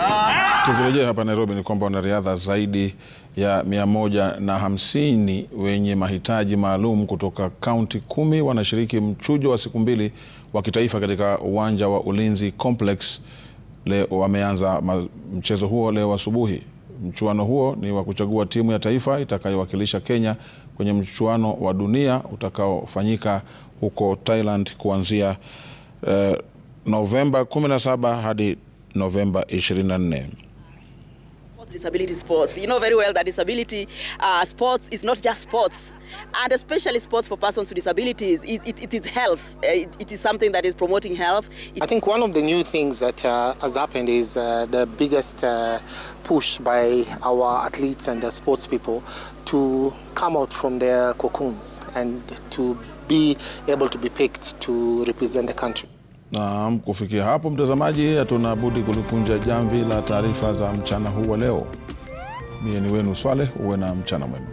Ah. Tukirejea hapa Nairobi ni kwamba wanariadha zaidi ya 150 wenye mahitaji maalum kutoka kaunti kumi wanashiriki mchujo wa siku mbili wa kitaifa katika uwanja wa Ulinzi Complex. Leo wameanza mchezo huo leo asubuhi. Mchuano huo ni wa kuchagua timu ya taifa itakayowakilisha Kenya kwenye mchuano wa dunia utakaofanyika huko Thailand kuanzia eh, Novemba 17 hadi Novemba 24. Disability sports. You know very well that disability uh, sports is not just sports and especially sports for persons with disabilities. It, it, it is health. Uh, it, it is something that is promoting health. It I think one of the new things that uh, has happened is uh, the biggest uh, push by our athletes and the sports people to come out from their cocoons and to be able to be picked to represent the country. Naam, kufikia hapo mtazamaji, hatuna budi kulikunja jamvi la taarifa za mchana huu wa leo. Mie ni wenu Swaleh, uwe na mchana mwema.